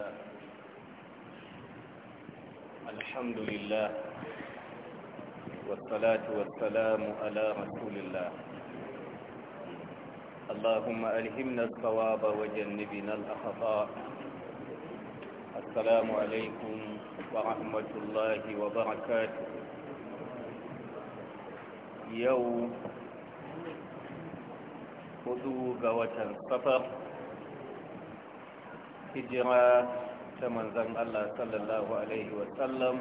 الله الحمد لله والصلاة والسلام على رسول الله اللهم ألهمنا الصواب وجنبنا الأخطاء السلام عليكم ورحمة الله وبركاته يوم خذوا قوة السفر hijira ta manzan Allah sallallahu Alaihi wasallam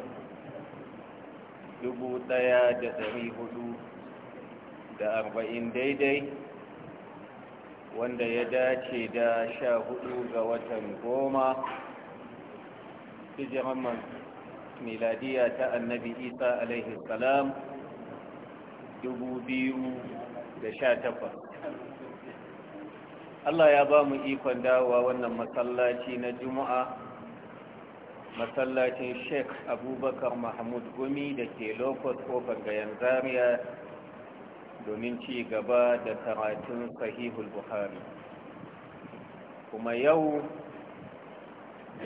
arba'in daidai wanda ya dace da sha hudu ga watan goma hijiran miladiya ta annabi isa alaihi salam 2018 Allah ya ba mu ikon dawowa wannan masallaci na juma'a masallacin sheikh abubakar mahmud gumi da ke lokos kofar gayan zariya domin ci gaba da karatun sahihul buhari kuma yau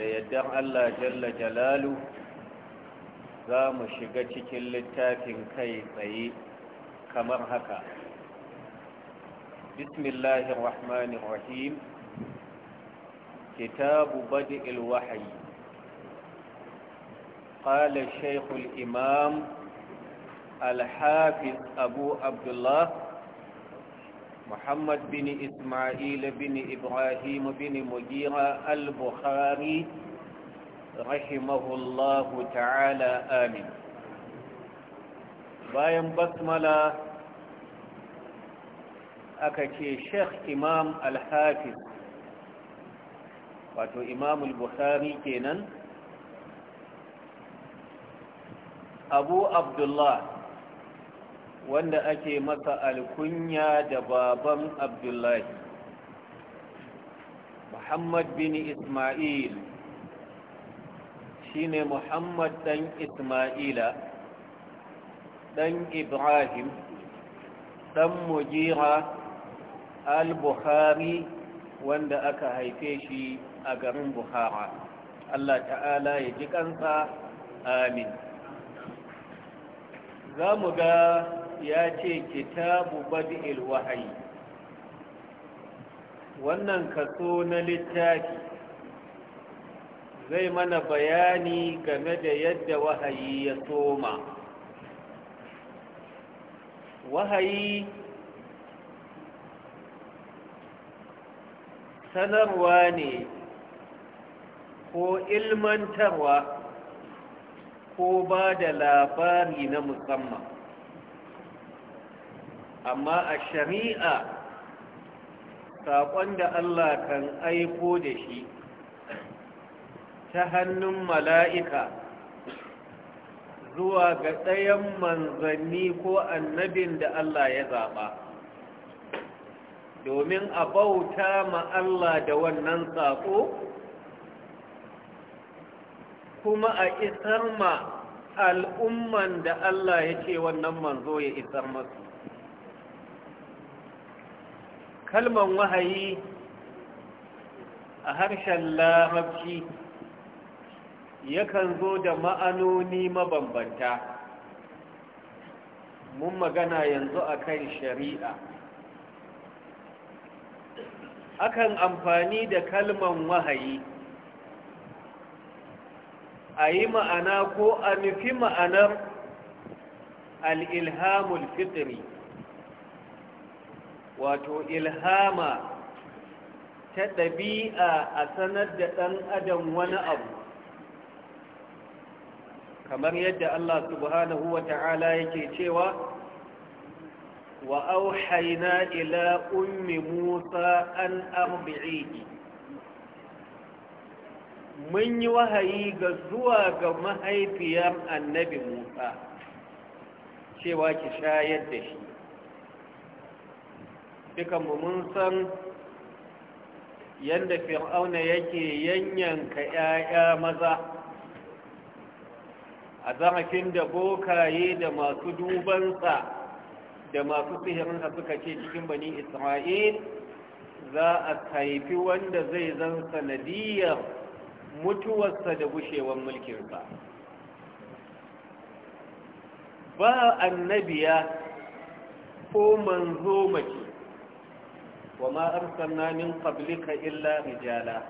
da yaddan Allah jalla jalalu za mu shiga cikin littafin kai tsaye kamar haka بسم الله الرحمن الرحيم كتاب بدء الوحي قال الشيخ الإمام الحافظ أبو عبد الله محمد بن إسماعيل بن إبراهيم بن مجيرة البخاري رحمه الله تعالى آمين باين الله aka ce sheikh imam al-hafiz wato imam al-bukhari kenan abu abdullah wanda ake masa alkunya da baban abdullahi muhammad bin ismail shine muhammad dan ismaila dan ibrahim dan mujira al Buhari, wanda aka haife shi a garin buhara Allah ta'ala ya ji kansa amin za ga ya ce kitabu bad'il wahayi wannan kaso na littafi zai mana bayani game da yadda wahayi ya soma wahayi sanarwa ne ko ilmantarwa ko ba da labari na musamman amma a shari'a saƙon da Allah kan aiko da shi ta hannun mala'ika zuwa ga ɗayan manzanni ko annabin da Allah ya zaɓa. domin a bauta ma Allah da wannan saƙo kuma a isar ma al'umman da Allah ya ce wannan manzo ya isar masu kalman wahayi a harshen larabci yakan zo da ma'anoni mabambanta mun magana yanzu akan shari'a akan amfani da kalman wahayi a yi ma'ana ko a nufi ma'anar al-ilhamul fitri wato ilhama ta ɗabi'a a sanar da ɗan adam wani abu kamar yadda Allah subhanahu wa ta'ala yake cewa وأوحينا إلى أم موسى أن أرضعيه mun yi wahayi ga zuwa ga mahaifiyar annabi musa cewa ki shayar da shi dukanmu mun san yadda fir'auna yake yanyanka 'ya'ya maza a zarafin da bokaye da masu dubansa da masu sihirinsa suka ce cikin bani isra'il za a haifi wanda zai zan sanadiyar mutuwarsa da gushewar mulkinsa ba annabiya ko manzo mace wa ma arsalna min illa rijala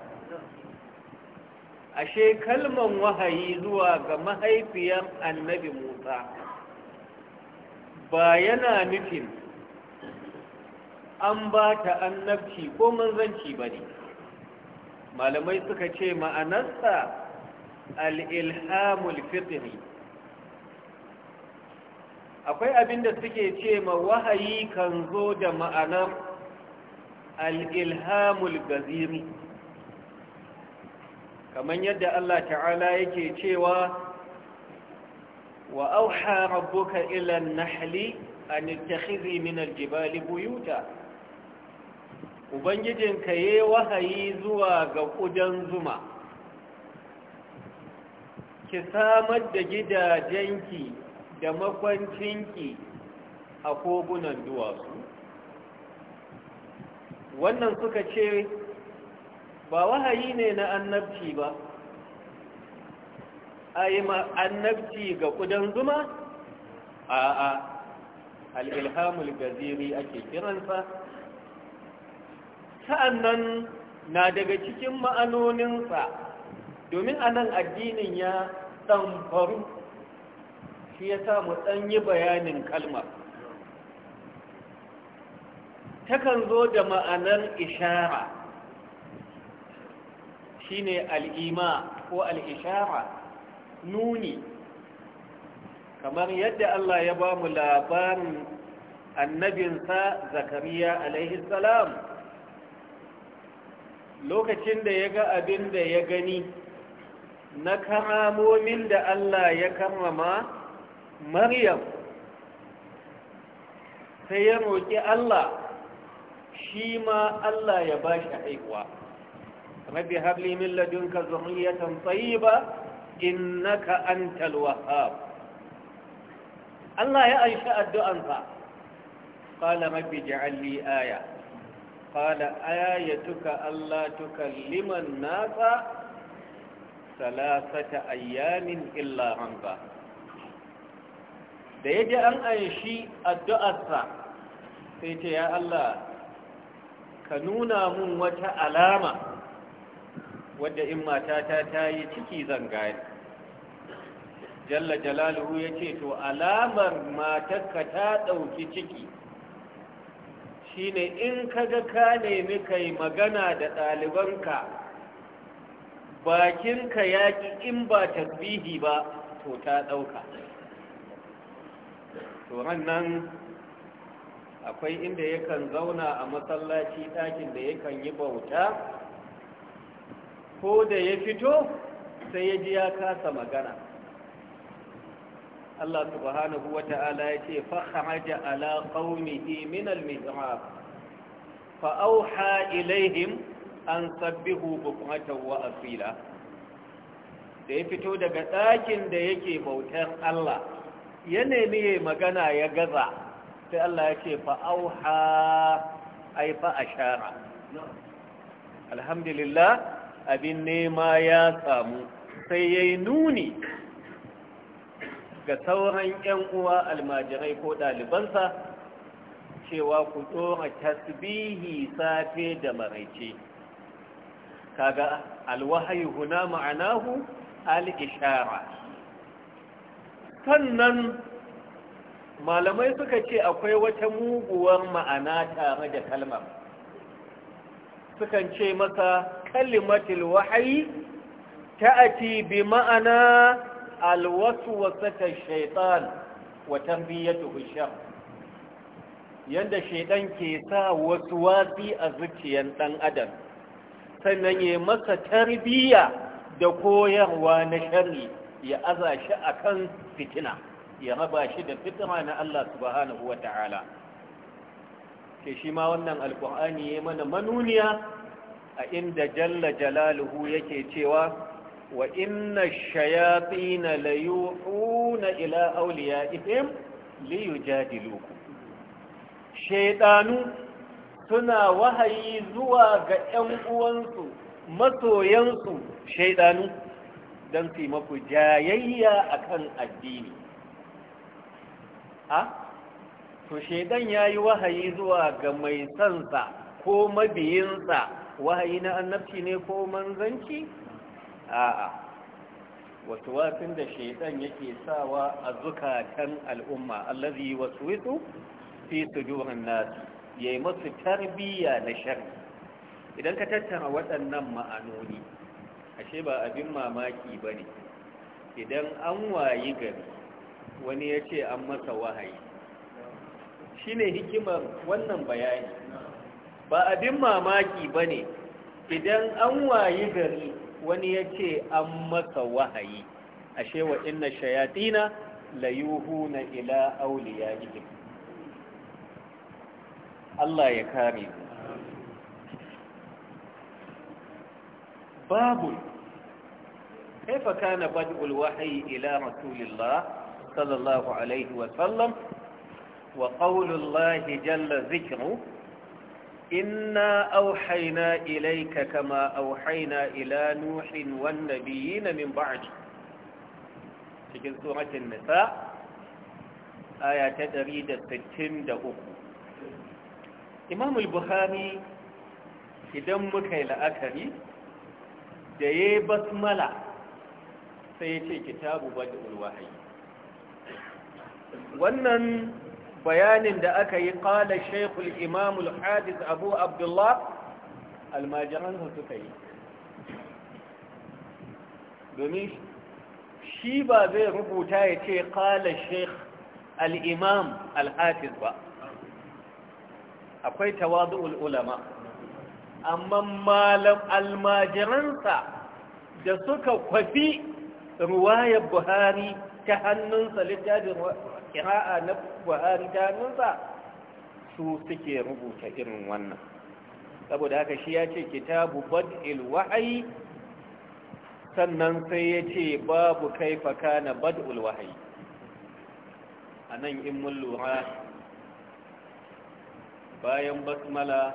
ashe kalman wahayi zuwa ga mahaifiyar annabi Musa ba yana nufin an ba ta annabci ko manzanci ba ne malamai suka ce ma'anarsa al'ilhamul fitri akwai abinda suke ce ma wahayi kan zo da ma'anar al'ilhamul gaziri kamar yadda Allah ta'ala yake cewa وأوحى ربك إلى النحل أن اتخذي من الجبال buyuta? Ubangijinka ya yi wahayi zuwa ga kudan zuma, ki samar da gidajenki da makwancinki a kogunan duwatsu. Wannan suka ce, ba wahayi ne na annabci ba, a yi annabci ga kudan zuma a a al'ilhamul gaziri ake kiransa sa'annan na daga cikin ma'anoninsa domin a nan addinin ya ɗan faru shi ya samu ɗan yi bayanin kalmar takan zo da ma'anar ishara shine al'ima ko al'ishara nuni kamar yadda Allah ya ba mu labarin annabinsa zakariya alaihi salam lokacin da ya ga abin da ya gani na karamomin da Allah ya karrama maryam sai ya roƙi Allah shi ma Allah ya ba shi haihuwa rabbi habli min ladunka zurriyatan tayyiba innaka antal wahhab Allah ya anshi addu'ansa qala rabbi ij'al li aya qala ayatuka alla tukallima an-nasa thalathata ayamin illa ramba da yaji an anshi addu'arsa sai ce ya Allah ka nuna mun wata alama wadda in matata ta yi ciki zan gani jalla jalaluhu ya ce to alamar matarka ta ɗauki ciki shine in kaga ka nemi kai magana da ɗalibanka bakinka yaƙi in ba tasbihi ba to ta ɗauka to nan akwai inda yakan zauna a masallaci ɗakin da yakan yi bauta ko da ya fito sai ya ji ya kasa magana Allah subhanahu wa ta'ala ya ce fahaja ala qaumihi min mihrab fa auha ilaihim an sabbihu bukratan wa asila da ya fito daga ɗakin da yake bautar Allah ya nemi magana ya gaza sai Allah ya ce fa'auha ai fa'ashara alhamdulillah abin nema ya samu sai ya nuni ga sauran 'yan uwa almajirai ko ɗalibansa cewa ku tsora tasbihi safe da maraice kaga alwahayi huna ma'anahu al-ishara sannan malamai suka ce akwai wata muguwar ma'ana tare da kalmar sukan ce masa kalimatul wahayi ta'ati bi ma'ana alwaswasata shaitan wa tambiyatu bishar yanda shaitan ke sa waswasi a zuciyan dan adam sannan ya masa tarbiya da koyarwa na shari ya aza shi akan fitina ya raba shi da fitira na Allah subhanahu wa ta'ala ke shi ma wannan alkur'ani ya mana manuniya a inda jalla jalaluhu yake cewa wa inna shayatina layuhuna ila awliyaihim liyujadiluku shaydanu suna wahayi zuwa ga ƴan uwansu masoyansu shaydanu dan su maku jayayya akan addini ha to ya yi wahayi zuwa ga mai sansa ko mabiyinsa wahayi na annabci ne ko manzanci a'a wasu wafin da shedan yake sawa a zukatan al'umma allazi wito fi nasu. Ya yayi masu tarbiyya na sharri idan ka tattara waɗannan ma'anoni ashe ba abin mamaki ba ne. idan an wayi gari wani ya ce an masa wahayi shine hikimar wannan bayani ba abin mamaki ba ne idan an wayi gari wani ya ce an maka wahayi ashe wa inna shayatina layuhu na ila awliyaihim Allah ya kare babu kaifa kana bad'ul wahyi ila rasulillah sallallahu alaihi Wasallam? وقول الله جل ذكره إنا أوحينا إليك كما أوحينا إلى نوح والنبيين من بعد في سورة النساء آية تدريد الستين دقوق إمام البخاري إذا مكي لأكري جاي بسملة سيتي كتاب بدء الوحي wannan bayanin da aka yi ƙala shaykhul imam al-hadith abu abdullah almajiransa suka yi domin shi ba zai rubuta ya ce ƙala shaykh al'imam imam al-hadith ba akwai tawadu'ul ululama. amma malam almajiransa da suka kwafi ruwayar buhari ta hannunsa littafin ƙira'a na buhari daminsa su suke rubuta irin wannan saboda haka shi ya ce kitabu bad'il waayi sannan sai ya ce babu kaifa kana bad'ul wahayi a nan in mun lura bayan basmala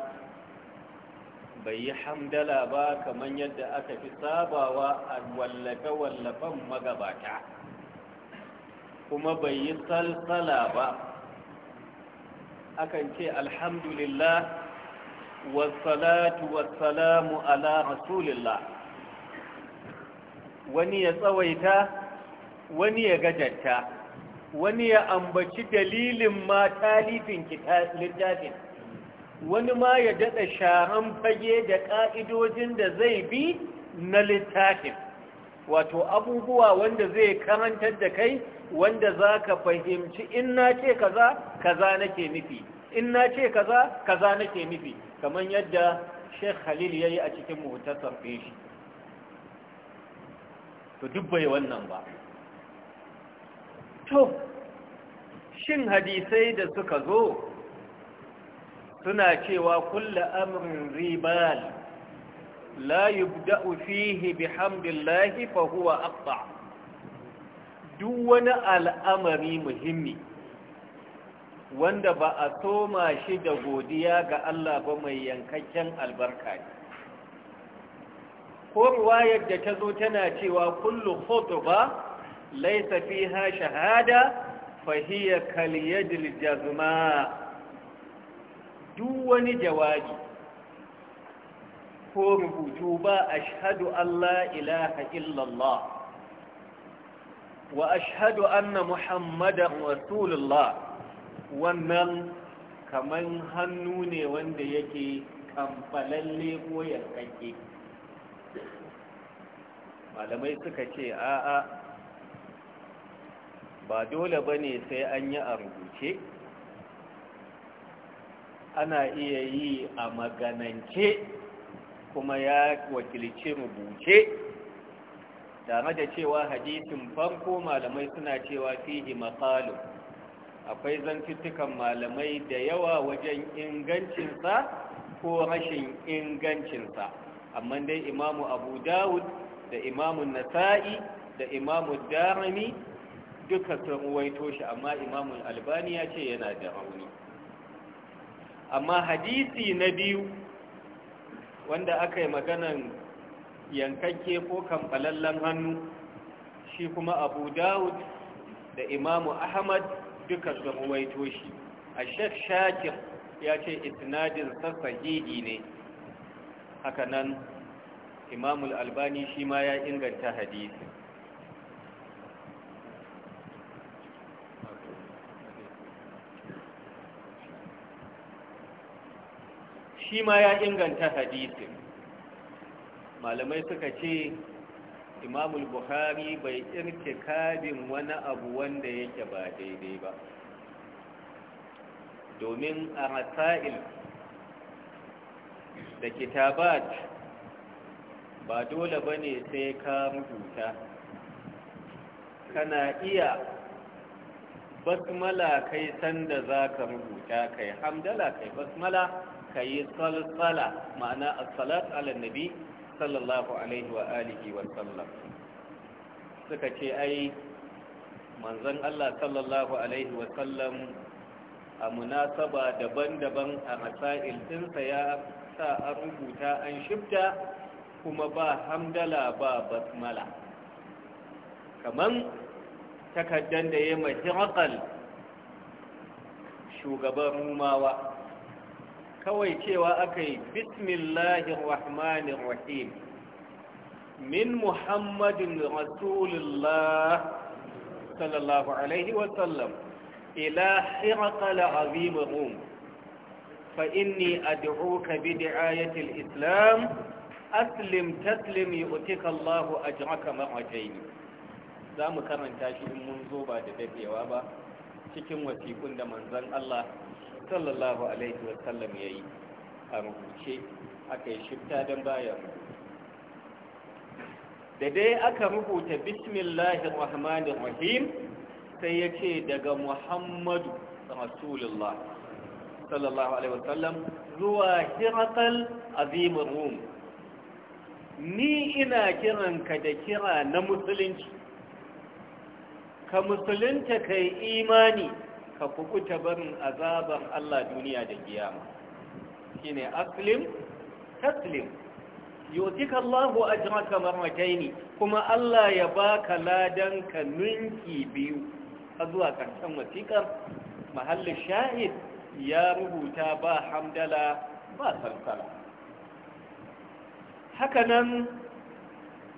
bai yi hamdala ba kamar yadda aka fi sabawa a wallafe-wallafen magabata kuma bai yi salsala ba akan ce alhamdulillah wasalatu wasalamu ala rasulillah wani ya tsawaita wani ya gajarta wani ya ambaci dalilin ma talifin littafin wani ma ya daɗa sharan fage da ƙa'idojin da zai bi na littafin wato abubuwa wanda zai karantar da kai wanda za ka fahimci in na ce kaza kaza nake nufi in na ce kaza kaza nake nufi kamar yadda sheikh khalil ya yi a cikin muhtasar shi to duk wannan ba to shin hadisai da suka zo suna cewa kulla amrin riba la yubda'u fihi bihamdillahi fa huwa aqta duk wani al'amari muhimmi wanda ba a toma shi da godiya ga Allah ba mai yankakken albarka ne ko ruwayar da ta zo tana cewa kullu khutba laysa fiha shahada fa hiya kal yadil jazma duk wani jawabi ko rubutu ba a shahadu Allah ilaha illallah Wa ashhadu anna Muhammadan rasulullah wannan kaman hannu ne wanda yake kamfalalle ko yankanke malamai suka ce a'a ba dole bane sai an yi a rubuce ana iya yi a maganance kuma ya wakilci rubuce tare da cewa hadisin farko malamai suna cewa fihi maqalu akwai zantuttukan malamai da yawa wajen ingancinsa ko rashin ingancinsa amma dai imamu abu dawud da imamu nasa'i da imamu darami duka sun waito shi amma imamu albani ya ce yana da rauni amma hadisi na biyu wanda aka yi maganan yankakke ko kamfalallen hannu shi kuma abu dawud da imamu ahmad duka su ruwaito shi a shek shakir ya ce sassa gidi ne hakanan imamul albani shi ma ya inganta hadisi shi ma ya inganta hadisin malamai suka ce imamul buhari bai irke kabin wani abu wanda yake ba daidai ba domin a rasa'il da kitabat ba dole ba ne sai ka rubuta kana iya basmala kai sanda za ka rubuta kai hamdala kai basmala kai salsala ma'ana as-salat ala nabi sallallahu alaihi wa alihi wa sallam suka ce ai manzon Allah sallallahu alaihi wa sallam a munasaba daban-daban a masail ɗinsa ya sa an rubuta an shibta kuma ba hamdala ba basmala kaman takaddan da ya mai shugaban rumawa kawai cewa aka yi bismillahir min muhammadin rasulullah sallallahu alaihi wasallam ila hirqal azim rum fa inni ad'uka bi di'ayati islam aslim taslim yu'tika allah ajraka za zamu karanta shi in mun zo ba da dafewa ba cikin wasiƙun da manzon Allah sallallahu alaihi wasallam ya yi a rubuce aka yi shifta don bayan da dai aka rubuta bismillahir rahmanir rahim sai ya ce daga muhammadu rasulullah sallallahu alaihi wasallam zuwa hirakal azimin rum ni ina kiranka da kira na musulunci ka musulunta kai imani ka kukuta barin azabar Allah duniya da Shi ne aslim taslim yutika Allahu ajraka marrataini kuma Allah ya baka ladan ka ninki biyu har zuwa karshen wasiƙar mahallin shahid ya rubuta ba hamdala ba salsala hakanan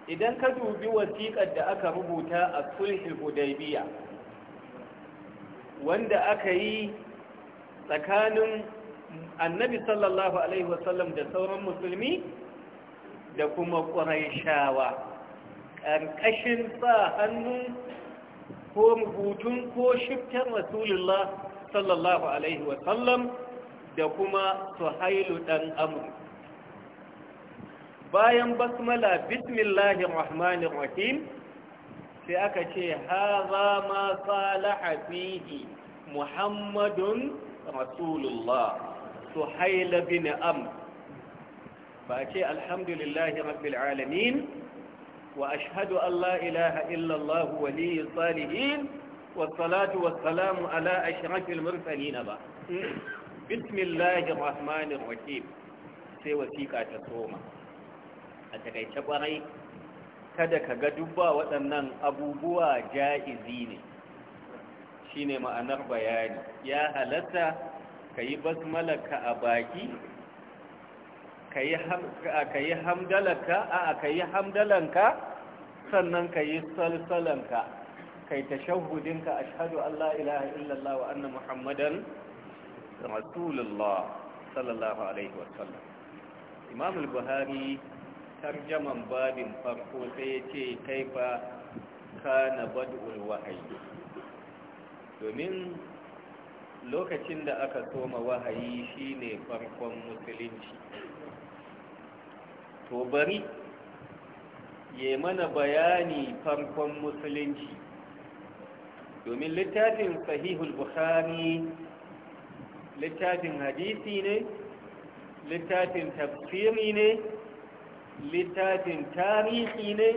idan ka dubi wasiƙar da aka rubuta a sulhul hudaybiya wanda aka yi tsakanin annabi sallallahu alaihi wasallam da sauran musulmi da kuma ƙuraishawa ƙarƙashin sa hannu ko hutun ko shiftar rasulullah sallallahu alaihi wasallam da kuma suhailu ɗan amur bayan basmala bismillahir rahmanir rahim sai aka ce haza ma salaha fihi muhammadun rasulullah suhaila bin am ba ce alhamdulillahi rabbil alamin wa ashhadu an la ilaha illa allah waliyyi salihin والصلاة والسلام على أشرف المرسلين با بسم الله الرحمن الرحيم sai wasiƙa ta soma a takaice ƙwarai kada ka ga dubba waɗannan abubuwa ja'izi ne Shi ne ma'anar bayani ya halatta ka yi basmalaka a baki ka yi hamdalaka a ka yi hamdalanka sannan ka yi salsalanka ka yi tashahudinka a shahadu Allah ilaha illallah wa annan muhammadan rasulullah sallallahu alaihi wasallam imam al-buhari tarjaman babin farko sai ya ce kaifa na bad'ul wahayi domin lokacin da aka soma wahayi shine farkon musulunci to bari ya mana bayani farkon musulunci domin littafin sahihul buhari littafin hadisi ne littafin tafsiri ne littafin tarihi ne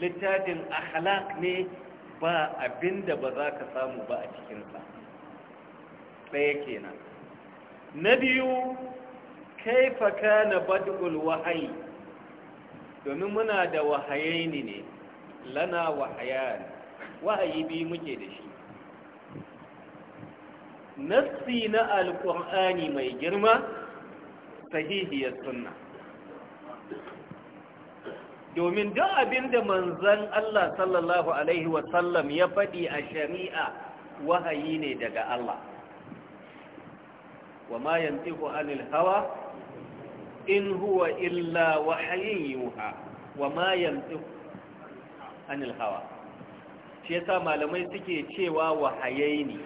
littafin akhlaq ne ba abinda ba za ka samu ba a cikinsa ɗaya kenan na biyu kaifa kana bad'ul wahayi domin muna da wahayaini ne lana wahayan wahayi biyu muke da shi nassi na alƙur'ani mai girma sahihiyar sunna domin duk abin da manzan Allah sallallahu Alaihi wasallam ya faɗi a shari'a wahayi ne daga Allah wa ma yantiku anil hawa in huwa illa wahayin yuha wa ma yantiku anil hawa shi sa malamai suke cewa wahayai ne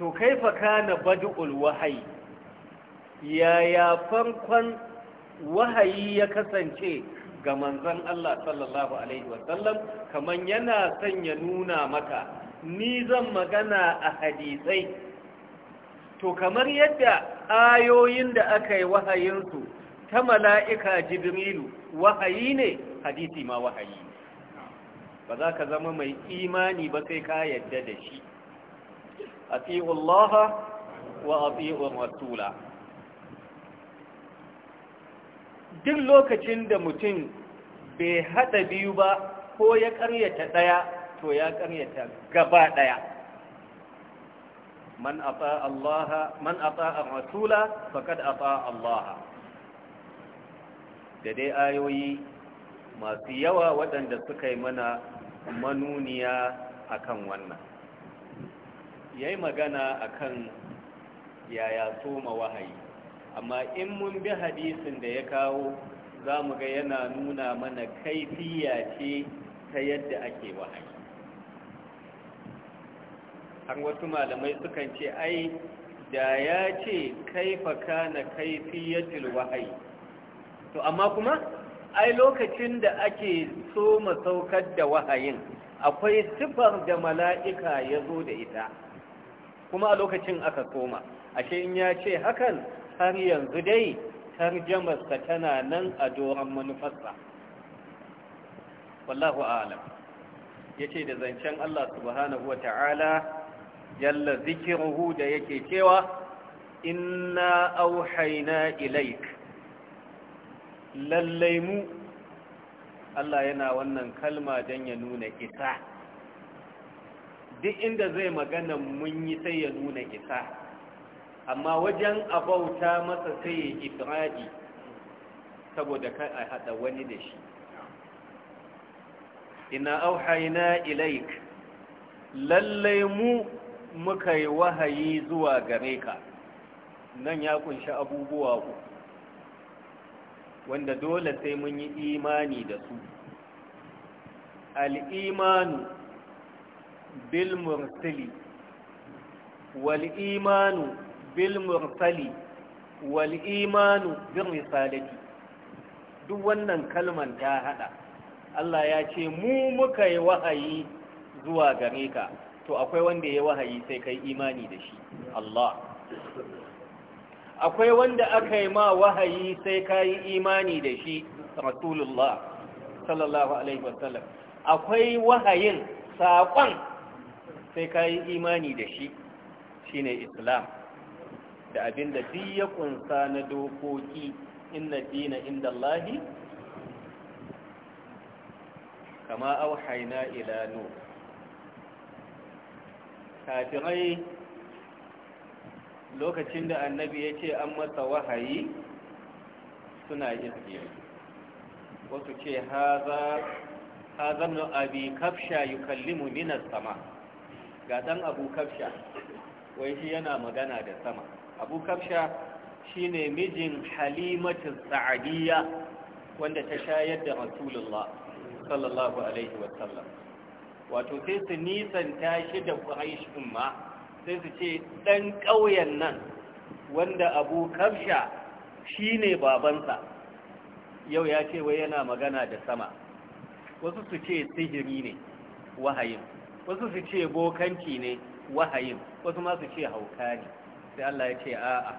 to kaifa kana bad'ul wahayi yaya farkon wahayi ya kasance ga manzon Allah sallallahu alaihi wasallam kaman yana sanya nuna maka ni zan magana a hadisai to kamar yadda ayoyin da aka yi wahayinsu ta mala'ika jibrilu wahayi ne hadisi ma wahayi ba za ka zama mai imani ba sai ka yadda da shi a wa a rasula duk lokacin da mutum bai haɗa biyu ba ko ya ƙaryata ɗaya to ya ƙaryata gaba ɗaya man ata Allaha, man rasula faqad ata Allah da dai ayoyi masu yawa waɗanda suka yi mana manuniya akan wannan yayi magana akan yaya soma wahayi amma in mun bi hadisin da ya kawo za mu ga yana nuna mana kaifiya ce ta yadda ake wahayi har wasu malamai sukan ce ai da ya ce kaifa kana kaifiyatul wahayi to amma kuma ai lokacin da ake so masaukar da wahayin akwai sifar da mala'ika ya zo da ita kuma a lokacin aka koma ashe in ya ce hakan har yanzu dai tarjamarsa tana nan a doron manufarsa wallahu alam ya ce da zancen Allah subhanahu wa ta'ala yalla zikiruhu da yake cewa inna auhaina ilaik lallai mu Allah yana wannan kalma don ya nuna isa duk inda zai magana mun yi sai ya nuna isa amma wajen abauta masa sai ya ifradi saboda kai a hada wani da shi ina auhaina ilaik lallai mu muka yi wahayi zuwa gare ka nan ya kunshi abubuwa ku. wanda dole sai mun yi imani da su al'imanu bil mursali wal bil mursali wal imanu bil risalati duk wannan kalman ta hada Allah ya ce mu muka yi wahayi zuwa gare ka to akwai wanda ya wahayi sai kai imani da shi Allah akwai wanda aka yi ma wahayi sai kai imani da shi rasulullah sallallahu alaihi wasallam akwai wahayin saƙon sai ka yi imani da shi shine islam da abinda da duk ya kunsa na dokoki inna dina inda Allahi kama auhaina ila nu kafirai lokacin da annabi ya ce an masa wahayi suna iske wasu ce ha na abi kafsha yi kallimu minar sama ga ɗan abu kafsha wai shi yana magana da sama abu kafsha shine mijin halimatu sa'adiyya wanda ta shayar da rasulullah sallallahu alaihi wasallam wato sai su nisanta shi da quraish umma sai su ce dan ƙauyen nan wanda abu kafsha shine babansa yau ya ce wai yana magana da sama wasu su ce sihiri ne wahayin wasu su ce bokanci ne wahayin wasu ma su ce hauka ne sai Allah ya ce a'a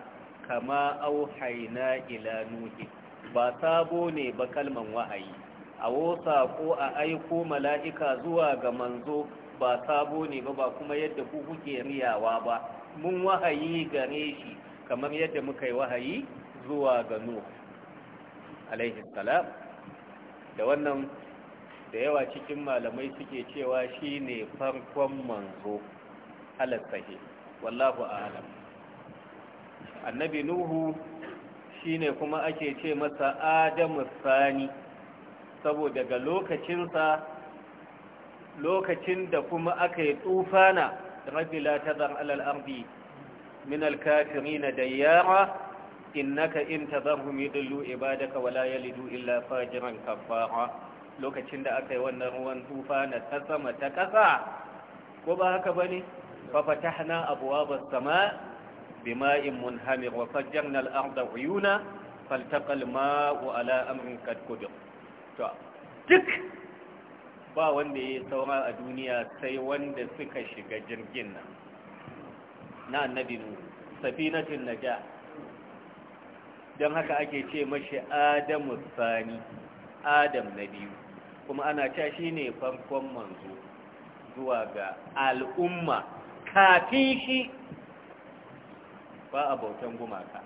kama auhaina ila nuhi ba sabo ne ba kalman wahayi a wosa ko a aiko mala'ika zuwa ga manzo ba sabo ne ba ba kuma yadda ku kuke riyawa ba mun wahayi gare shi kamar yadda muka yi wahayi zuwa ga nuhi. alaihi salam da wannan da yawa cikin malamai suke cewa shine farkon manzo halar wallahu a'lam annabi nuhu shine kuma ake ce masa adamu sani saboda ga lokacinsa lokacin da kuma aka yi tsufana rabbi la tazar alal ardi min alkafirin dayyara innaka in tazarhum yudillu ibadaka wala yalidu illa fajiran kafara lokacin da aka yi wannan ruwan tsufana, ta sama ta kasa ko ba haka bane fa fatahna abwaabas samaa بماء منهمر وفجرنا الأرض عيونا فالتقى الماء على أمر قد قدر duk ba wanda ya saura a duniya sai wanda suka shiga jirgin nan na annabi nu safinatin naja don haka ake ce mashi adamu sani adam na biyu kuma ana cewa shine farkon manzo zuwa ga al'umma kafin shi ba a bautan gumaka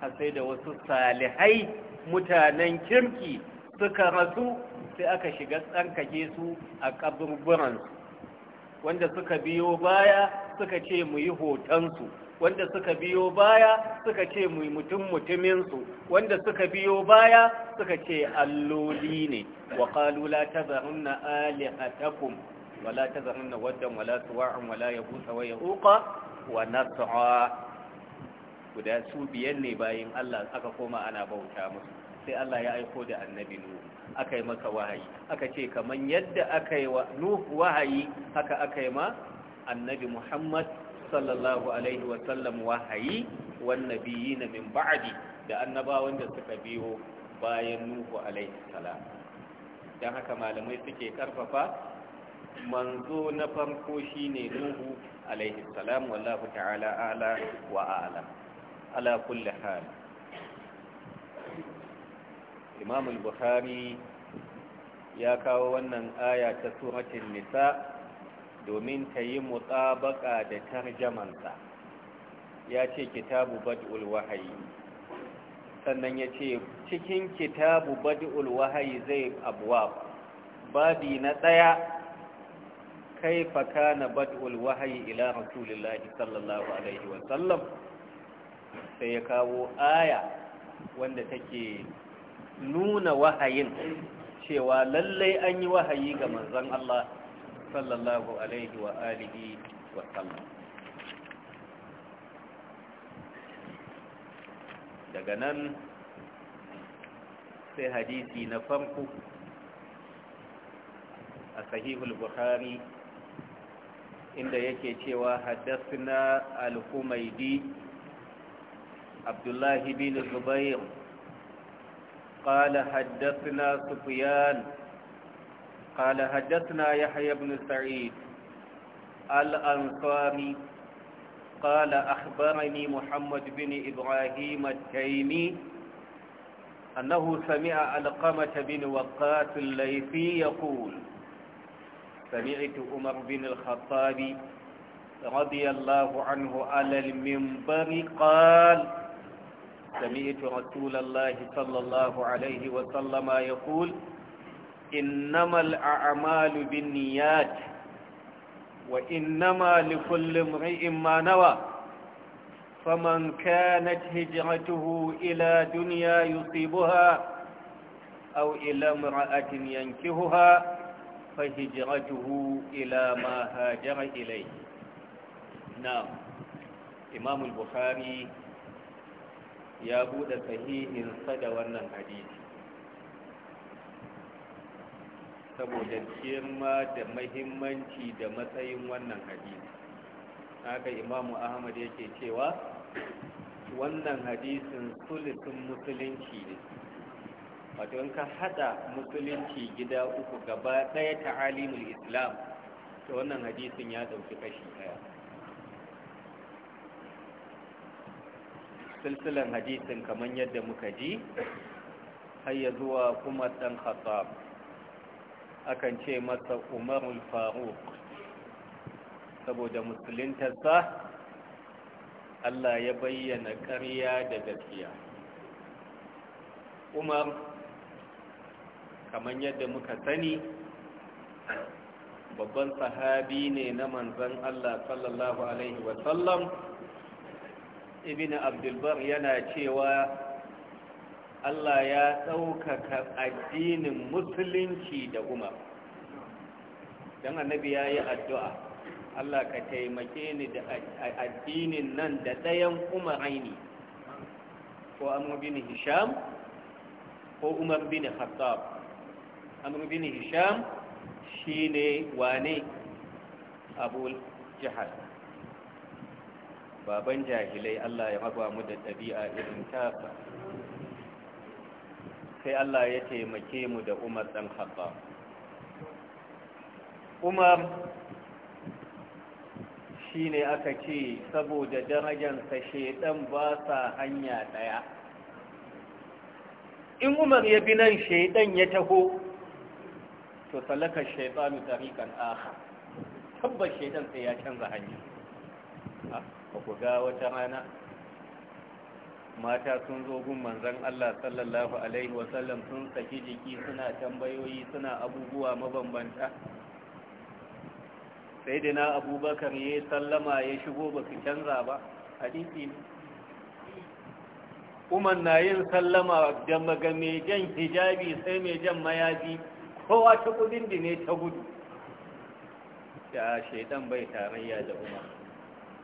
har sai da wasu salihai mutanen kirki suka rasu sai aka shiga tsankake su a kaburburansu wanda suka biyo baya suka ce mu yi hotonsu wanda suka biyo baya suka ce mu mutum mutuminsu wanda suka biyo baya suka ce alloli ne wa qalu la tazarunna alihatakum wala tazarunna waddan wala suwa'an wala yabusa wa yauqa wa nas'a guda su biyan ne bayin Allah aka koma ana bauta musu sai Allah ya aiko da annabi Nuhu aka yi maka wahayi aka ce kaman yadda aka yi wa Nuhu wahayi haka aka yi ma annabi Muhammad sallallahu alaihi wa sallam wahayi wan nabiyina min ba'di da annabawan da suka biyo bayan Nuhu alaihi salam dan haka malamai suke karfafa manzo na farko shi ne nuhu alaihi salam wallahu ta'ala ala wa ala ala kulli hal imam al-bukhari ya kawo wannan aya ta suratul nisa domin ta yi mutabaka da tarjamansa ya ce kitabu bad'ul wahayi sannan ya ce cikin kitabu bad'ul wahayi zai abuwa babi na ɗaya kaifa kana bad'ul wahyi ila rasulillahi sallallahu alaihi wa sallam sai ya kawo aya wanda take nuna wahayin cewa lallai an yi wahayi ga manzon Allah sallallahu alaihi wa alihi wa sallam daga nan sai hadisi na farko a sahihul bukhari inda yake cewa haddasna al-humaydi abdullahi bin zubair قال حدثنا سفيان قال حدثنا يحيى بن سعيد الأنصاري قال أخبرني محمد بن إبراهيم التيمي أنه سمع علقمة بن وقات الليثي يقول سمعت عمر بن الخطاب رضي الله عنه على المنبر قال سمعت رسول الله صلى الله عليه وسلم يقول إنما الأعمال بالنيات وإنما لكل امرئ ما نوى فمن كانت هجرته إلى دنيا يصيبها أو إلى امرأة ينكهها فهجرته إلى ما هاجر إليه نعم إمام البخاري يا بود صحيح صدى wannan hadisi saboda girma da mahimmanci da matsayin wannan hadisi haka imamu ahmad yake cewa wannan hadisin sulisin musulunci ne wato in ka hada musulunci gida uku gaba daya ta alimul islam to wannan hadisin ya ɗauki kashi ɗaya silsilan hadisin kamar yadda muka ji har ya zuwa kuma ɗan khattab akan ce masa umarul Faruq. saboda musuluntarsa Allah ya bayyana ƙarya da gaskiya umar kamar yadda muka sani babban sahabi ne na manzan Allah sallallahu alaihi wasallam ibn abdulbar yana cewa Allah ya ɗaukaka addinin musulunci da umar don annabi ya yi addu'a Allah ka taimake ni da addinin nan da ɗayan umar aini ko amur bin hisham ko umar bin khattab amru bin hisham shine wane abul jihar baban jahilai Allah ya raba mu da dabia irin tafa sai Allah ya taimake mu da umar dan Khabba umar shine aka ce saboda sa shedan ba sa hanya ɗaya in umar ya bi nan shaidan ya taho to salaka shaytanu tariqan akhar tabbas shaytan sai ya canza hanya ba ku ga wata rana mata sun zo gun manzon Allah sallallahu alaihi wasallam sun saki jiki suna tambayoyi suna abubuwa mabambanta sai da na abubakar ya sallama ya shigo ba su canza ba hadisi umar na yin sallama da maga jan hijabi sai mai jan mayafi kowa ta kudin ne ta gudu da shaidan bai tarayya da umar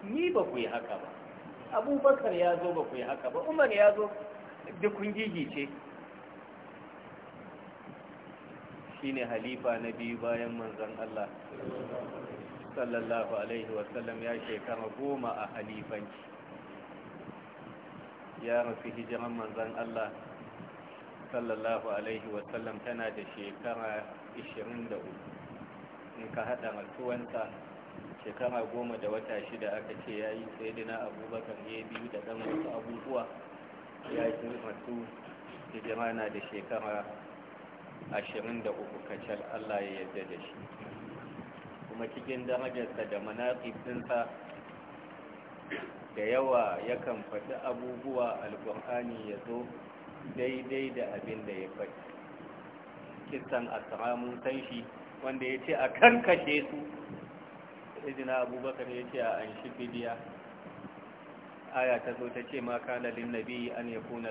ni ba ku yi haka ba abubakar ya zo ba ku yi haka ba umar ya zo dukun gigi ce shi ne halifa na biyu bayan manzan Allah sallallahu alaihi wasallam ya shekara goma a halifanci ya rasu hijiran manzan Allah sallallahu alaihi wasallam tana da shekara 23 in ka haɗa matuwanta shekara goma da wata shida aka ce ya yi dina abubakar ya biyu da ɗan wasu abubuwa ya yi masu hijira na da shekara 23 kacal allah ya yarda da shi kuma cikin darajarsa da manaƙifinsa da yawa yakan faɗi abubuwa alƙur'ani ya zo daidai da abin da ya fadi kisan asra mun san shi wanda ya ce a karkashe su ijina abubakar ya ce a an shi fidiya aya ta zo ta ce ma kana lin nabi an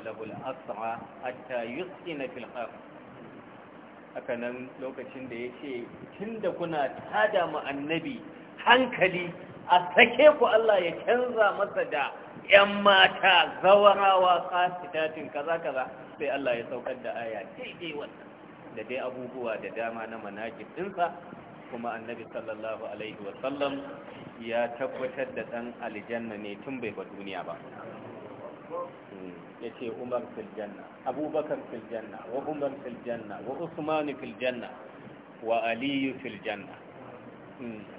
labul lahu a asra yi yusqina na filhar. haka nan lokacin da ya yace tunda kuna tada mu annabi hankali a sake ku Allah ya canza masa da 'yan mata zawarawa kasitatin kaza kaza sai Allah ya saukar da aya daidai wannan da dai abubuwa da dama na manajinsa kuma annabi sallallahu alaihi Wasallam ya tabbatar da ɗan aljanna ne tun bai ba duniya ba ya ce umar fil janna abubakar fil janna wa umar fil janna wa Usmanu fil janna wa aliyu fil janna hmm.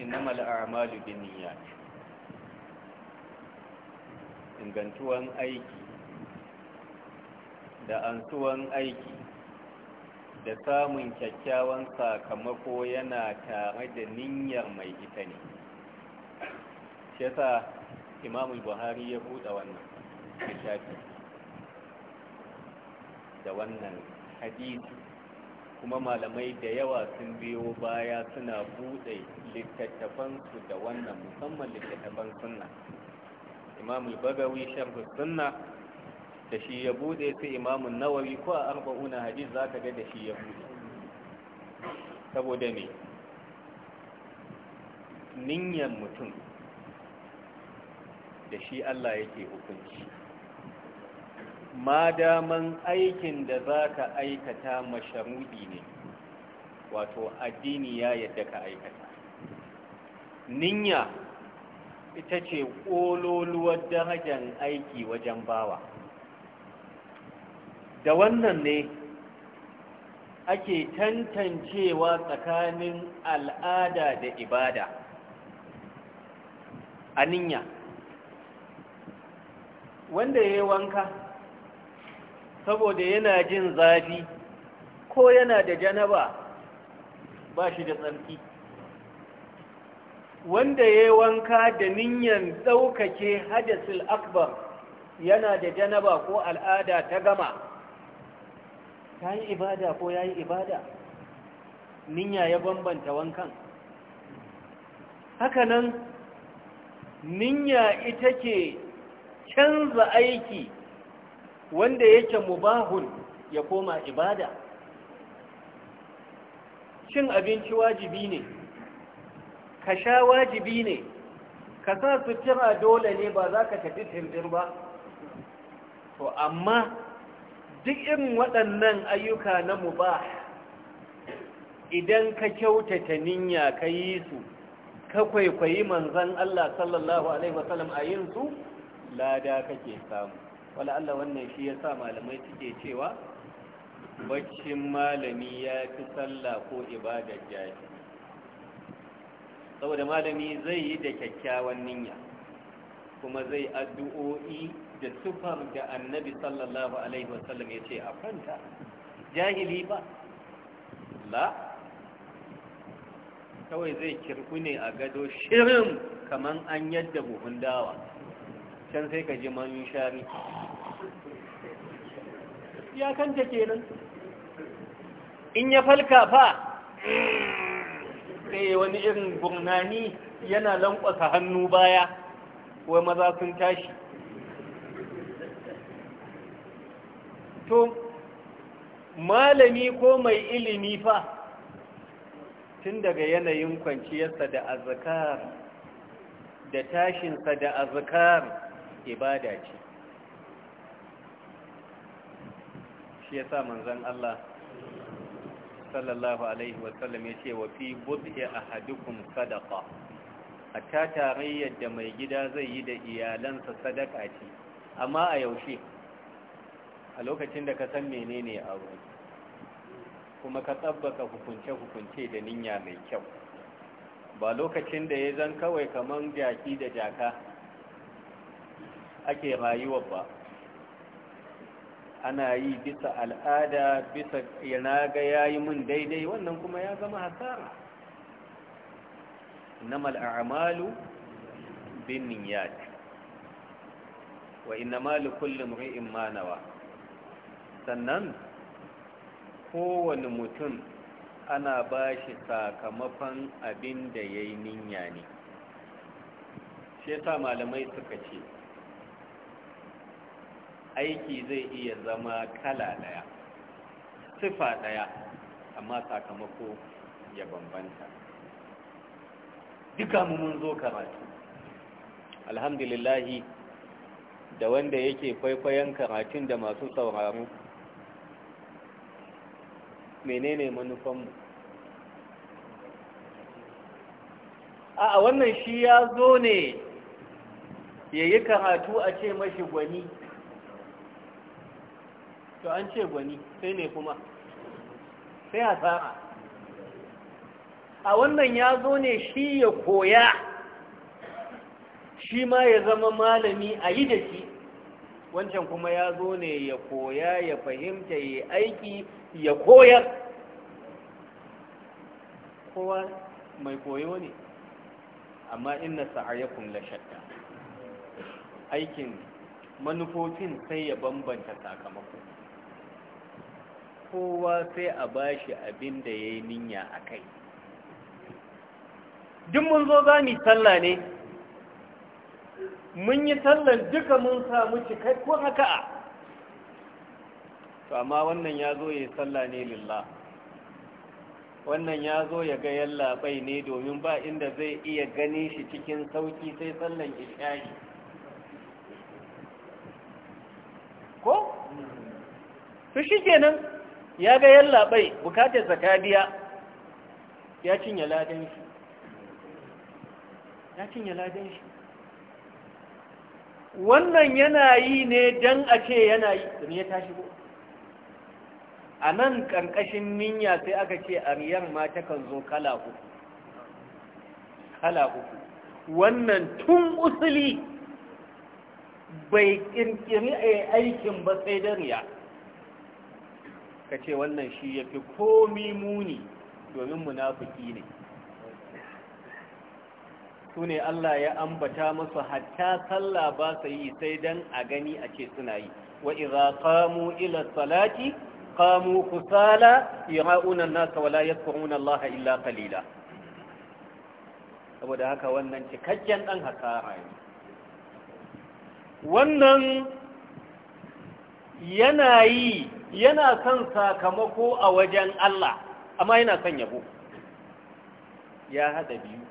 innamal a'malu binniyat ingantuwan aiki da antuwan aiki da samun kyakkyawan sakamako yana tare da niyyar mai ita ne shi yasa imamul buhari ya buɗe wannan littafi da wannan hadisi kuma malamai da yawa sun biyo baya suna buɗe littattafansu da wannan musamman littattafan sunna imam al-bagawi sharh sunna da shi ya buɗe su imam an-nawawi ko a arba'una hadith zaka ga da shi ya buɗe saboda me niyyar mutum da shi Allah yake hukunci ma daman aikin da za ka aikata mashamudi ne wato addini ya yadda ka aikata ninya ita ce ƙololuwar darajar aiki wajen bawa da wannan ne ake tantancewa tsakanin al'ada da ibada a ninya wanda ya yi wanka saboda yana jin zafi ko yana da janaba ba shi da tsarki wanda ya yi wanka da niyyar ɗaukake hadasul akbar yana da janaba ko al'ada ta gama ta yi ibada ko ya yi ibada niyya ya bambanta wankan hakanan niyya ita ke canza aiki wanda yake mubahun ya koma ibada cin abinci wajibi ne ka sha wajibi ne ka sa sutura dole ne ba za ka tafi tirdir ba to amma duk irin waɗannan ayyuka na mubah idan ka kyautata ninya ka yi su ka kwaikwayi manzan Allah sallallahu Alaihi wasallam a yin su lada kake samu wala Allah wannan shi ya sa malamai suke cewa baccin malami ya fi sallah ko ibadar jaji saboda malami zai yi da kyakkyawan niyya kuma zai addu'o'i da sufar da annabi sallallahu alaihi wasallam ya ce a kanta jahili ba la kawai zai kirku ne a gado shirin kamar an yadda buhun dawa can sai ka ji man shari ya kanta kenan in ya falka fa sai wani irin gurnani yana lankwasa hannu baya wa maza sun tashi to malami ko mai ilimi fa tun daga yanayin kwanciyarsa da azkar da tashinsa da azkar ibada ce shi ya sa manzan Allah sallallahu alaihi wasallam ya ce wa fi hadukun ahadukum sadaqa hatta tarayyar da mai gida zai yi da iyalansa sadaka ce amma a yaushe a lokacin da ka san menene aure kuma ka tsabbaka hukunce-hukunce da ninya mai kyau ba lokacin da ya zan kawai kaman jaki da jaka ake rayuwar ba ana yi bisa al'ada bisa yana ga yayi mun daidai wannan kuma ya zama hasara al'amalu bin niyyat wa li kulli imrin ma nawa sannan kowane mutum ana ba shi sakamakon abin da ya yi niyya ne shi malamai suka ce aiki zai iya zama kala daya sifa daya amma sakamako ya bambanta duka mun zo karatu alhamdulillahi da wanda yake kwaikwayon karatun da masu sauraro menene manufanmu a wannan shi ya zo ne ya yi karatu a ce mashi gwani to an ce gwani sai ne kuma sai hasara a wannan ya zo ne shi ya koya shi ma ya zama malami a yi da shi wancan kuma ya zo ne ya koya ya fahimta ya aiki ya koyar kowa mai koyo ne amma inna sa'ayakum la shatta aikin manufofin sai ya bambanta sakamako kowa sai a bashi abin da ya yi niyya a kai duk mun zo za mu sallah ne mun yi sallan duka mun samu cikakkun haka to amma wannan ya zo ya sallah ne lillah wannan ya zo ya ga yallaɓai ne domin ba inda zai iya gani shi cikin sauki sai sallan ishayi. ko? su shi kenan ya ga yallaɓai bukatar ta ya cinye ladan shi ya cinye ladan shi wannan yana yi ne don a ce yana yi ne ya tashi go a nan ƙarƙashin ninya sai aka ce ariyar ma takan zo kala uku kala uku wannan tun usuli bai ƙirƙiri a eh, aikin ba sai dariya. ka ce wannan shi ya fi komi muni domin munafiki ne su ne Allah ya ambata masu hatta sallah ba su yi sai dan a gani a ce suna yi wa iza kamu ila salati kamu kusala ya'una nasa wala la yadhkuruna Allah illa qalila saboda haka wannan cikakken ɗan hasara ne wannan yana yi yana son sakamako a wajen Allah amma yana son yabo ya hada biyu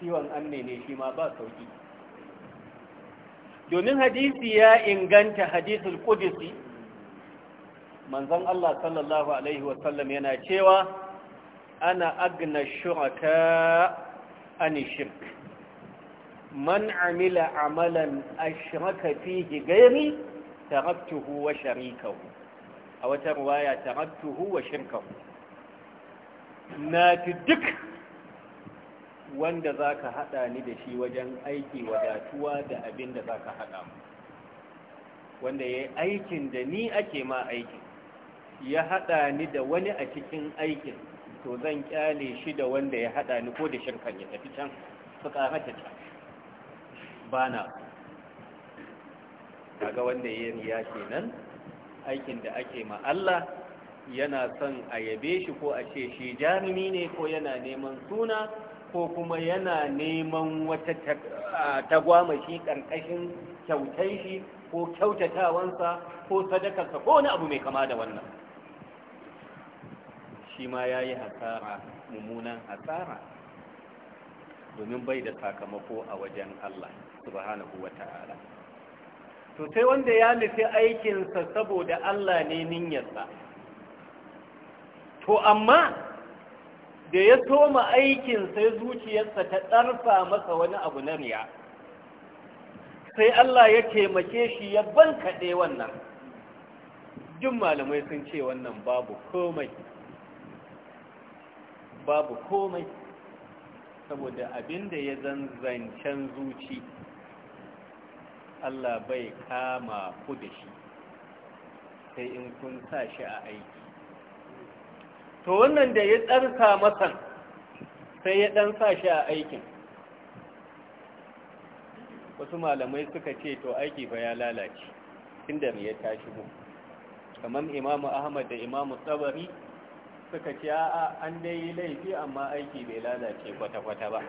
ciwon an ne shi ma ba sauki domin hadisi ya inganta hadisul qudsi manzon Allah sallallahu alaihi wasallam yana cewa ana agna shuraka ani shirk man amila amalan ashraka fihi gairi taraktuhu wa sharikahu a wata ruwaya taraktuhu wa shirkahu na duk wanda za ka haɗa ni da shi wajen aiki wadatuwa da abin da za ka haɗa mu wanda ya yi aikin da ni ake ma aikin ya haɗa ni da wani a cikin aikin to zan kyale shi da wanda ya haɗa ni ko da shirkan ya tafi can su ƙara ta can ba kaga wanda ya riya kenan aikin da ake ma Allah yana son a yabe shi ko a ce shi jarumi ne ko yana neman suna ko kuma yana neman wata tagwamashi ƙarƙashin kyautai shi ko kyautatawansa ko sadakarsa ko wani abu mai kama da wannan shi ma ya yi hasara mummunan hasara domin bai da sakamako a wajen Allah subhanahu wa ta'ala to sai wanda ya nufi aikinsa saboda Allah ne niyyarsa to amma da ya toma aikin sai zuciyarsa ta ɗarfa masa wani abu na riya sai Allah ya taimake shi ya bankaɗe wannan jin malamai sun ce wannan babu komai babu komai saboda abin ya zanzancen zuci Allah bai kama ku da shi sai in kun sa shi a aiki to wannan da ya tsarka masan sai ya ɗan sa shi a aikin wasu malamai suka ce to aiki ba ya lalace tunda ya tashi mu kamar imamu ahmad da imamu tsabari suka ce a'a an dai yi laifi amma aiki bai lalace kwata-kwata ba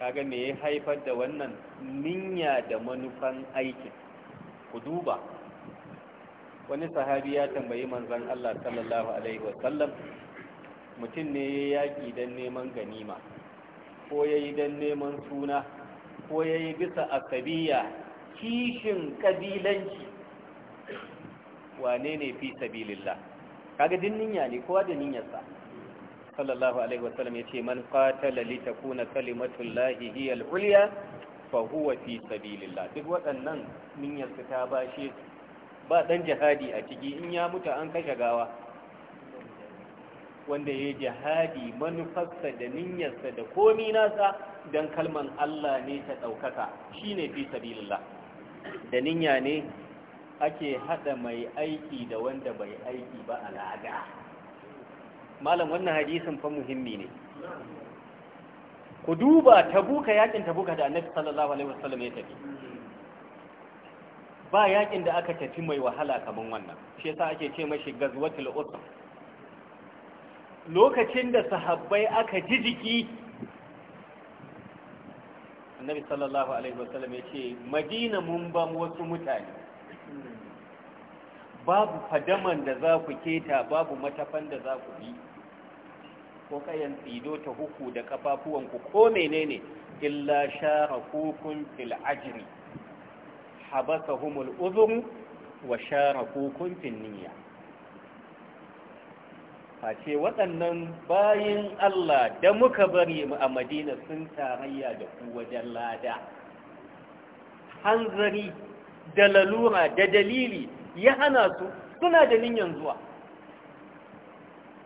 kaga me ya haifar da wannan niyya da manufan aikin ku duba wani sahabi ya tambayi manzon Allah sallallahu alaihi wasallam mutum ne ya yaki don neman ganima ko ya yi don neman suna ko ya yi bisa asabiya kishin kabilanci wane ne fi sabilillah kaga din niyya ne kowa da niyyarsa sallallahu alaihi wasallam yace man qatala li takuna kalimatullahi hiya al-ulya fa huwa fi sabilillah duk waɗannan niyyar ta bashe ba dan jihadi a ciki in ya mutu an kashe gawa wanda ya jihadi manufarsa da niyyarsa da komi nasa don kalman Allah ne ta ɗaukaka shine fi sabilillah da niyya ne ake haɗa mai aiki da wanda bai aiki ba a lada malam wannan hadisin fa muhimmi ne ku duba tabuka yakin tabuka da annabi sallallahu alaihi wasallam ya tafi ba yakin da aka tafi mai wahala kaman wannan shi yasa ake ce mashi gazwatul usr lokacin da sahabbai aka ji jiki annabi sallallahu alaihi wasallam ya ce madina mun ba wasu mutane babu fadaman da za ku keta babu matafan da za ku bi ko kayan tsido ta huku da kafafuwanku ko menene illa shara hukun fil ajri habasahumul uzum wa shara hukun fil niyya ce waɗannan bayin Allah da muka bari a madina sun tarayya da ku wajen lada hanzari da lalura da dalili ya hana su suna da niyan zuwa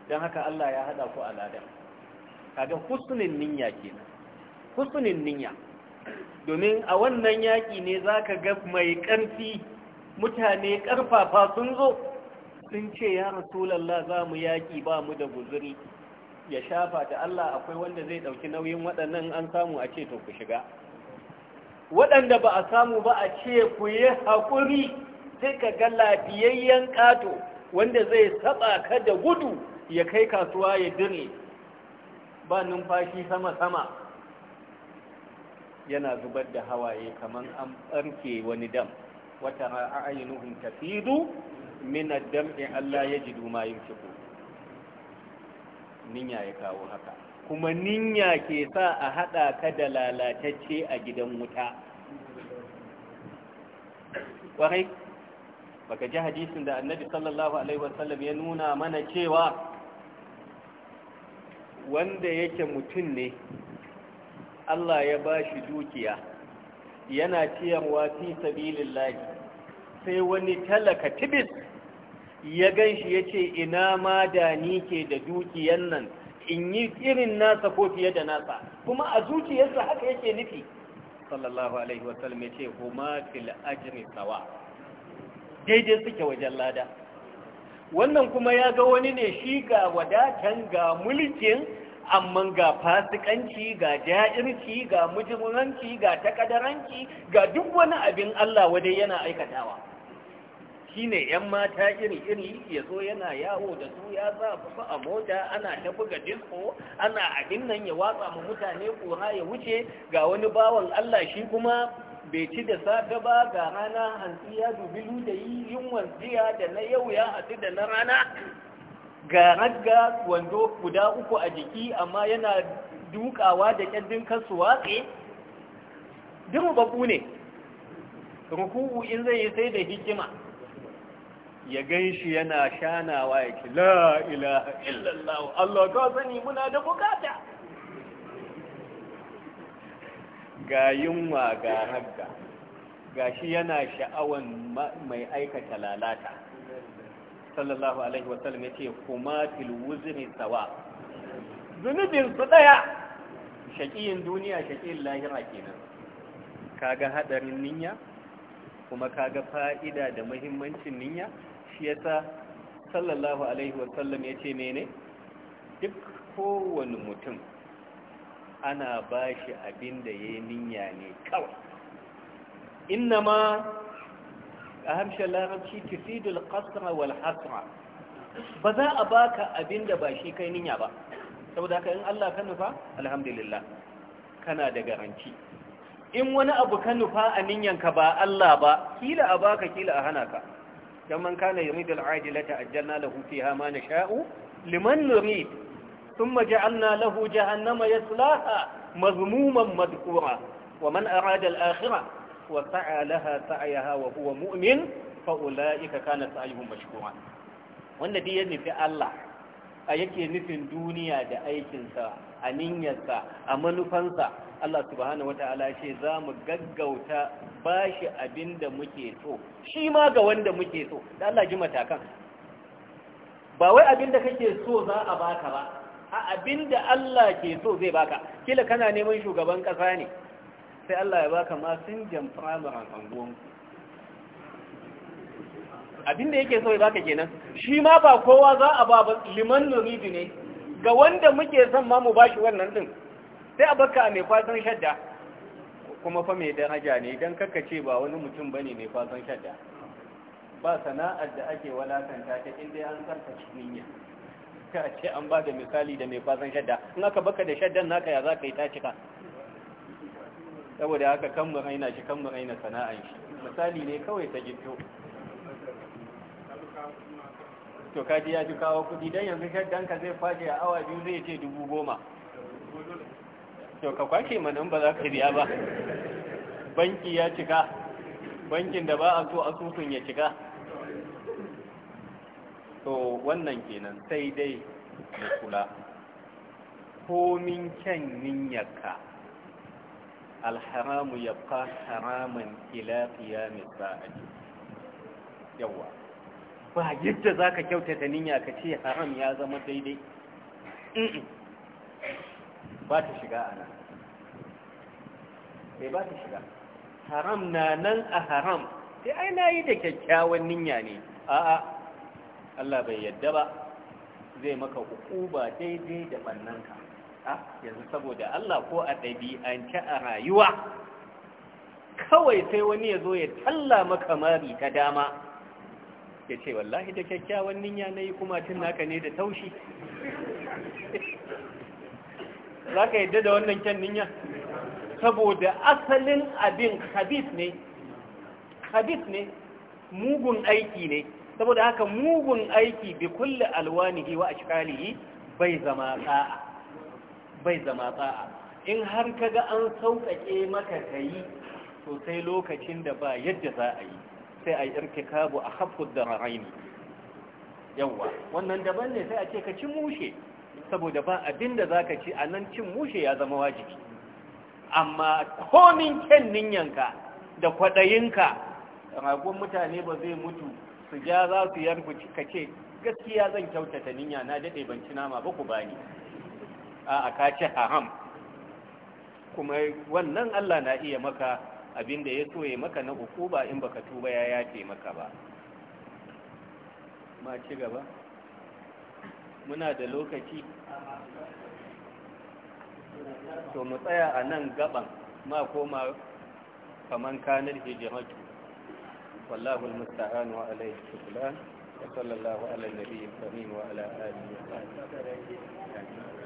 don haka Allah ya hada ku a ladan kaga husnul niyya kenan husnul niyya domin a wannan yaki ne zaka ga mai ƙarfi mutane karfafa sun zo sun ce ya rasulallah za mu yaƙi ba mu da guzuri ya shafa da Allah akwai wanda zai dauki nauyin waɗannan an samu a ce to ku shiga waɗanda ba a samu ba a ce ku yi haƙuri sai ka ga lafiyayyen ƙato wanda zai saba ka da gudu ya kai kasuwa ya dire ba numfashi sama-sama yana zubar da hawaye kamar an ɓarke wani dam wata ra'ayinuhun tafidu min dami Allah ya ji yajidu yin yunfiqu ninya ya kawo haka kuma ninya ke sa a hada ka da lalatacce a gidan wuta kwarai baka ji hadisin da annabi sallallahu alaihi wasallam ya nuna mana cewa wanda yake mutum ne Allah ya ba shi dukiya yana ciyarwa fi sabilillahi sai wani talaka tibis ya ganshi yace ina ma da ni ke da dukiyan nan in yi irin nasa ko fiye da nasa kuma a zuciyarsa haka yake nufi sallallahu alaihi wasallam ya huma fil ajri sawa' daidai suke wajen lada wannan kuma ya ga wani ne shi ga wadatan ga mulkin amma ga fasikanci ga ja'irci ga mujimuranci ga takadaranci ga duk wani abin Allah wadai yana aikatawa shi ne ‘yan mata iri-iri ya zo yana yawo da su ya za fufu a mota ana ta buga disko ana abin nan ya watsa mu mutane ƙura ya wuce ga wani bawan Allah shi kuma bai ci da safe ba ga rana hantsi ya dubi da yi yunwan jiya da na yau ya haɗu da na rana ga ragga wando guda uku a jiki amma yana dukawa da ƙyandin kansu watsi duk babu ne ruku'u in zai yi sai da hikima ya gan shi yana shanawa ya ce la illallah Allah ka sani muna da bukata ga yunwa ga ragga ga shi yana sha'awan mai aikata lalata sallallahu alaihi wasallam ya ce kuma tilwuzini sawa zunubin su ɗaya shaƙiyin duniya shaƙiyin lahira kenan kaga haɗarin niyya kuma kaga fa'ida da muhimmancin niyya shi yasa sallallahu alaihi wasallam ya ce mene duk kowane mutum ana ba shi abin da ya yi niyya ne kawai inna ma a hamshen larabci tufidul kasra wal hasra ba za a baka abin da ba shi kai niyya ba saboda haka in Allah ka nufa alhamdulillah kana da garanci in wani abu ka nufa a niyyanka ba Allah ba kila a baka kila a hana ka dan man kana yuridu al-ajilata ajjalna lahu fiha ma nasha'u liman nurid ثم جعلنا له جهنم يسلاها مذموما مذكورا ومن أراد الآخرة وسعى لها سعيها وهو مؤمن فأولئك كان سعيهم مشكورا والنبي ينفي الله أيكي نفن دنيا دا أيكنسا أنينيسا أمنفنسا Allah subhanahu wata'ala ce za mu gaggauta bashi abin da muke so shi ma ga wanda muke so da Allah ji matakan ba wai abin da kake so za a baka ba a abin da Allah ke so zai baka kila kana neman shugaban kasa ne sai Allah ya baka masinjan firamaren abin da yake so ya baka kenan shi ma ba kowa za a ba liman nuridu ne ga wanda muke son ma mu bashi wannan din sai a baka mai kwasan shadda kuma fa mai daraja ne dan ce ba wani mutum bane mai kwasan shadda ba sana'ar da ake walakanta ta inda an karkace niyya Ka ce an ba da misali da mai fasan shadda in aka baka da shaddan naka ya za ka yi ta cika saboda haka kan mu shi kan mu sana'a shi misali ne kawai ta gito to kaji ya ji kawo kudi don yanzu shaddan ka zai fashe a awa biyu zai ce dubu goma to ka kwace manan ba za ka biya ba banki ya cika bankin da ba a so asusun ya cika to wannan kenan sai dai da kula komin kyan niyyarka alharamu ya fa haramun ila qiyamis sa'ati yawa ba yadda zaka kyautata niyya ka ce haram ya zama daidai ba ta shiga ana sai eh, ba ta shiga haram na nan a haram sai ai nayi da kyakkyawan niyya ne a'a Allah bai yadda ba zai maka hukuba daidai da bannanka ah, yanzu saboda Allah ko a ɗabi'ance a rayuwa kawai sai wani ya zo ya talla maka mari ta dama ya ce wallahi da kyakkyawan ninya na yi kuma tun naka ne da taushi za ka yadda da wannan kyan ninya saboda asalin abin habis ne habis ne mugun aiki ne saboda haka mugun aiki bi kulli alwanihi wa ashkalihi bai zama tsa'a bai zama tsa'a in har kaga an sauƙaƙe maka kai to sai lokacin da ba yadda za a yi sai a yi irtikabu a hafud dararaini yawa wannan daban ne sai a ce ka ci mushe saboda ba abin da za ka ci a nan cin mushe ya zama wajibi amma komin kyan ninyanka da kwaɗayinka ragon mutane ba zai mutu su ja za su yarku ka ce gaskiya zan kyautata niyya na daɗe ban ci nama ba ku bani a ka ci haham kuma wannan Allah na iya maka abin da ya so ya maka na uku, ba in baka tuba ya yace maka ba ma ci gaba muna da lokaci to mu tsaya a nan gaban ma koma kaman kanar hijiratu والله المستعان وعليه الشكران وصلى الله على النبي الكريم وعلى آله وصحبه